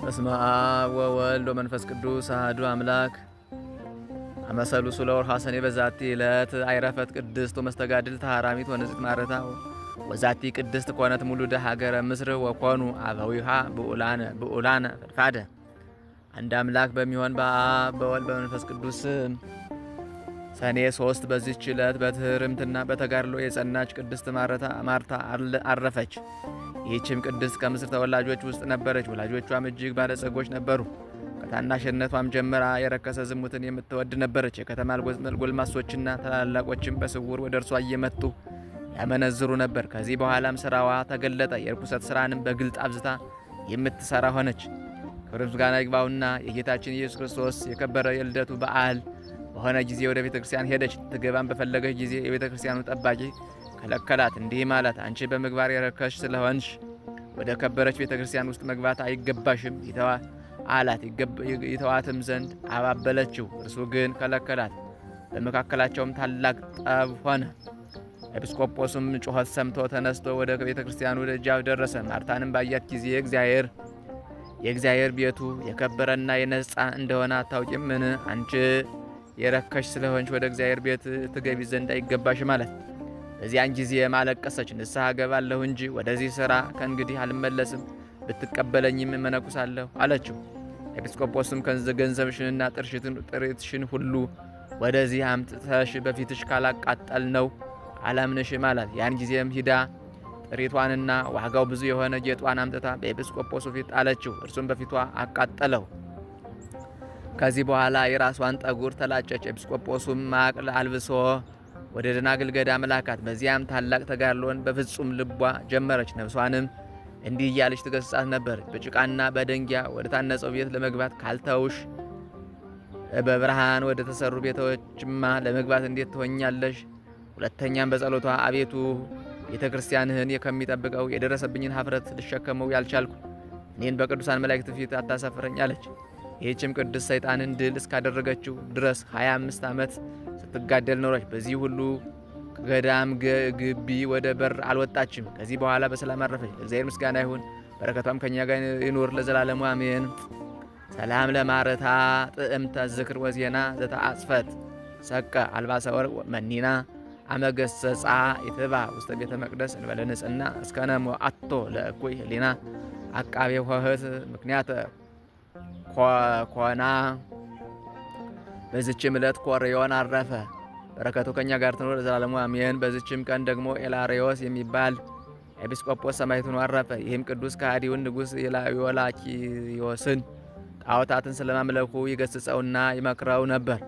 በስመ አብ ወወልድ ወመንፈስ ቅዱስ አህዱ አምላክ አመሰሉሱ ለወርኃ ሰኔ በዛቲ ዕለት አይረፈት ቅድስት ወመስተጋድል ተሃራሚት ወንጽሕት ማረታ ወዛቲ ቅድስት ኮነት ሙሉደ ሀገረ ምስር ወኮኑ አበዊሃ ብዑላነ ብዑላነ ፈድፋደ። አንድ አምላክ በሚሆን በአብ በወልድ በመንፈስ ቅዱስ ሰኔ ሶስት በዚች ዕለት በትህርምትና በተጋድሎ የጸናች ቅድስት ማረታ ማርታ አረፈች። ይህችም ቅድስት ከምስር ተወላጆች ውስጥ ነበረች። ወላጆቿም እጅግ ባለጸጎች ነበሩ። ከታናሽነቷም ጀምራ የረከሰ ዝሙትን የምትወድ ነበረች። የከተማ ጎልማሶችና ታላላቆችም በስውር ወደ እርሷ እየመጡ ያመነዝሩ ነበር። ከዚህ በኋላም ስራዋ ተገለጠ። የርኩሰት ስራንም በግልጥ አብዝታ የምትሰራ ሆነች። ክብር ምስጋና ይግባውና የጌታችን ኢየሱስ ክርስቶስ የከበረ የልደቱ በዓል በሆነ ጊዜ ወደ ቤተ ክርስቲያን ሄደች። ትገባም በፈለገች ጊዜ የቤተ ክርስቲያኑ ጠባቂ ከለከላት፣ እንዲህም አላት አንቺ በምግባር የረከሽ ስለሆንሽ ወደ ከበረች ቤተ ክርስቲያን ውስጥ መግባት አይገባሽም አላት። ይተዋትም ዘንድ አባበለችው፣ እርሱ ግን ከለከላት። በመካከላቸውም ታላቅ ጠብ ሆነ። ኤጲስቆጶስም ጩኸት ሰምቶ ተነስቶ ወደ ቤተ ክርስቲያኑ ደጃፍ ደረሰ። ማርታንም ባያት ጊዜ እግዚአብሔር የእግዚአብሔር ቤቱ የከበረና የነጻ እንደሆነ አታውቂም? አንቺ የረከሽ ስለሆንች ወደ እግዚአብሔር ቤት ትገቢ ዘንድ አይገባሽም አላት። በዚያን ጊዜ የማለቀሰች ንስሐ ገባለሁ እንጂ ወደዚህ ሥራ ከእንግዲህ አልመለስም፣ ብትቀበለኝም እመነኩሳለሁ አለችው። ኤጲስቆጶስም ገንዘብሽንና ጥሪትሽን ሁሉ ወደዚህ አምጥተሽ በፊትሽ ካላቃጠል ነው አላምንሽም አላት። ያን ጊዜም ሂዳ ጥሪቷንና ዋጋው ብዙ የሆነ ጌጧን አምጥታ በኤጲስቆጶሱ ፊት ጣለችው። እርሱም በፊቷ አቃጠለው። ከዚህ በኋላ የራሷን ጠጉር ተላጨች። ኤጲስቆጶሱም ማቅል አልብሶ ወደ ደናግል ገዳ መላካት። በዚያም ታላቅ ተጋድሎን በፍጹም ልቧ ጀመረች። ነፍሷንም እንዲህ እያለች ትገስጻት ነበር። በጭቃና በደንጊያ ወደ ታነጸው ቤት ለመግባት ካልተውሽ፣ በብርሃን ወደ ተሰሩ ቤቶችማ ለመግባት እንዴት ትሆኛለሽ? ሁለተኛም በጸሎቷ አቤቱ ቤተ ክርስቲያንህን ከሚጠብቀው የደረሰብኝን ሀፍረት ልሸከመው ያልቻልኩ እኔን በቅዱሳን መላእክት ፊት አታሳፍረኝ አለች። ይህችም ቅዱስ ሰይጣንን ድል እስካደረገችው ድረስ 25 ዓመት ስትጋደል ኖረች። በዚህ ሁሉ ገዳም ግቢ ወደ በር አልወጣችም። ከዚህ በኋላ በሰላም አረፈች። ለእግዚአብሔር ምስጋና ይሁን፣ በረከቷም ከእኛ ጋር ይኖር ለዘላለሙ አሜን። ሰላም ለማረታ ጥዕምተ ዝክር ወዜና ዘተአጽፈት ሰቀ አልባሰ ወርቅ መኒና አመገሰጻ ይትባ ውስተ ቤተ መቅደስ እንበለ ንጽሕና እስከነሞ አቶ ለእኩይ ህሊና አቃቤ ሆህት ምክንያት ኮና በዚችም ዕለት ኮሪዮን አረፈ። በረከቱ ከእኛ ጋር ትኖር ለዘላለሙ አሜን። በዚችም ቀን ደግሞ ኤላሪዮስ የሚባል ኤጲስቆጶስ ሰማዕት አረፈ። ይህም ቅዱስ ከሃዲውን ንጉሥ ዮላኪዮስን ጣዖታትን ስለማምለኩ ይገስጸውና ይመክረው ነበር።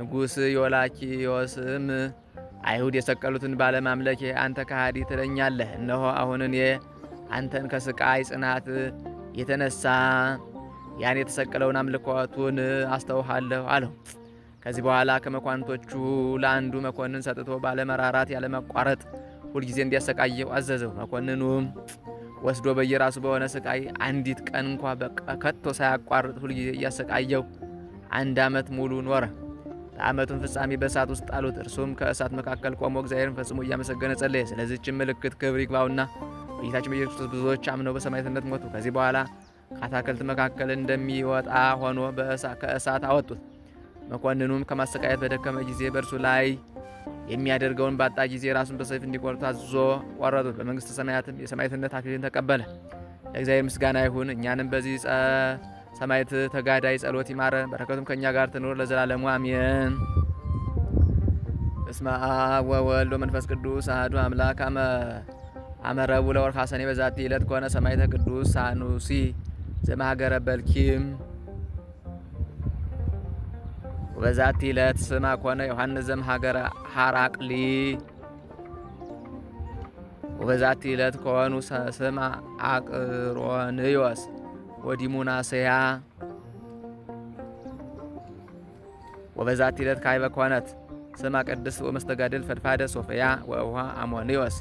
ንጉሥ ዮላኪዮስም አይሁድ የሰቀሉትን ባለማምለክ አንተ ከሃዲ ትለኛለህ፣ እነሆ አሁን እኔ አንተን ከስቃይ ጽናት የተነሳ ያን የተሰቀለውን አምልኮቱን አስተውሃለሁ አለው። ከዚህ በኋላ ከመኳንቶቹ ለአንዱ መኮንን ሰጥቶ ባለመራራት ያለመቋረጥ ሁልጊዜ እንዲያሰቃየው አዘዘው። መኮንኑም ወስዶ በየራሱ በሆነ ስቃይ አንዲት ቀን እንኳ ከቶ ሳያቋርጥ ሁልጊዜ እያሰቃየው አንድ ዓመት ሙሉ ኖረ። ለዓመቱን ፍጻሜ በእሳት ውስጥ ጣሉት። እርሱም ከእሳት መካከል ቆሞ እግዚአብሔርን ፈጽሞ እያመሰገነ ጸለየ። ስለዚህች ምልክት ክብር ይግባውና በጌታችን በኢየሱስ ክርስቶስ ብዙዎች አምነው በሰማዕትነት ሞቱ። ከዚህ በኋላ ከአታክልት መካከል እንደሚወጣ ሆኖ ከእሳት አወጡት። መኮንኑም ከማሰቃየት በደከመ ጊዜ በእርሱ ላይ የሚያደርገውን ባጣ ጊዜ ራሱን በሰይፍ እንዲቆርጡ አዞ ቆረጡት። በመንግስተ ሰማያትም የሰማዕትነት አክሊልን ተቀበለ። ለእግዚአብሔር ምስጋና ይሁን። እኛንም በዚህ ሰማዕት ተጋዳይ ጸሎት ይማረን፣ በረከቱም ከእኛ ጋር ትኑር ለዘላለሙ አሜን። እስመ አብ ወወልድ ወመንፈስ ቅዱስ አሐዱ አምላክ አመ አመረቡ ለወርሃ ሰኔ በዛቲ ዕለት ከሆነ ሰማይተ ቅዱስ ሳኑሲ ዘማሃገረ በልኪም ወበዛቲ ዕለት ስማ ኮነ ዮሐንስ ዘምሃገረ ሐራቅሊ ወበዛቲ ዕለት ከሆኑ ስማ አቅሮንዮስ ወዲሙናስያ ወበዛቲ ዕለት ካይበ ኮነት ስማ ቅድስት ወመስተጋድል ፈድፋደ ሶፍያ ወውሃ አሞንዮስ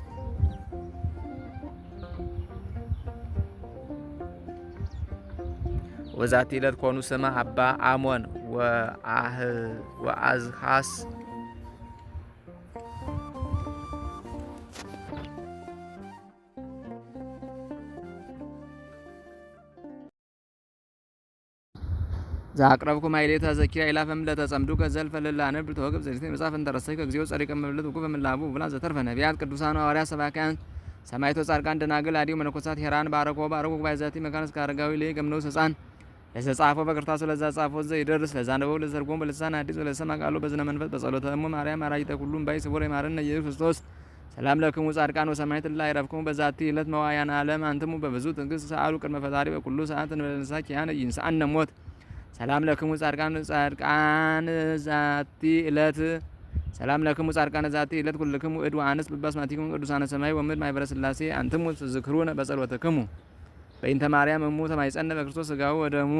ወዛቲ ዕለት ኮኑ ስማ አባ አሞን ወአዝሃስ ዛቅረብኩ ማይሌታ ዘኪራ ኢላፈም ለተጸምዱ ከዘልፈ ነብ ተወግብ ዘዚህ መጻፍ እንተረሰይ ከግዚኦ ጸሪቀ መብለት ወቁ በመላቡ ብላ ዘተርፈ ነቢያት ቅዱሳን አዋሪያ ሰባክያን ሰማይቶ ጻድቃን ደናግል አዲው መነኮሳት ሄራን ባረኮ ባረኮ ባይዛቲ መካነስ ከአረጋዊ ለይ ገምነው ሰጻን ጻፎ በክርታሱ ለዛ ጻፈው ዘይደርስ ለዛነበው ለዘርጎም በልሳን አዲስ ለሰማ ቃሉ በዝነ መንፈስ በጸሎተ እሙ ማርያም አራጅተ ሁሉም ባይ ስቡር የማረነ ኢየሱስ ክርስቶስ ሰላም ለክሙ ጻድቃን ወሰማዕት ላይ ረፍክሙ በዛቲ ዕለት መዋያን ዓለም አንትሙ በብዙ ትዕግስት ሰአሉ ቅድመ ፈጣሪ በኩሉ ሰዓት እንበለንሳ ኪያነ ይንሳአነ ሞት ሰላም ለክሙ ጻድቃን ጻድቃን ዛቲ ዕለት ሰላም ለክሙ ጻድቃን ዛቲ ዕለት ኩልክሙ እድ ወአንስት ብባስማቲክሙ ቅዱሳነ ሰማይ ወምድር ማኅበረ ሥላሴ አንትሙ ትዝክሩነ በጸሎትክሙ በእንተ ማርያም እሙ ተማይጸነ በክርስቶስ ስጋው ወደሙ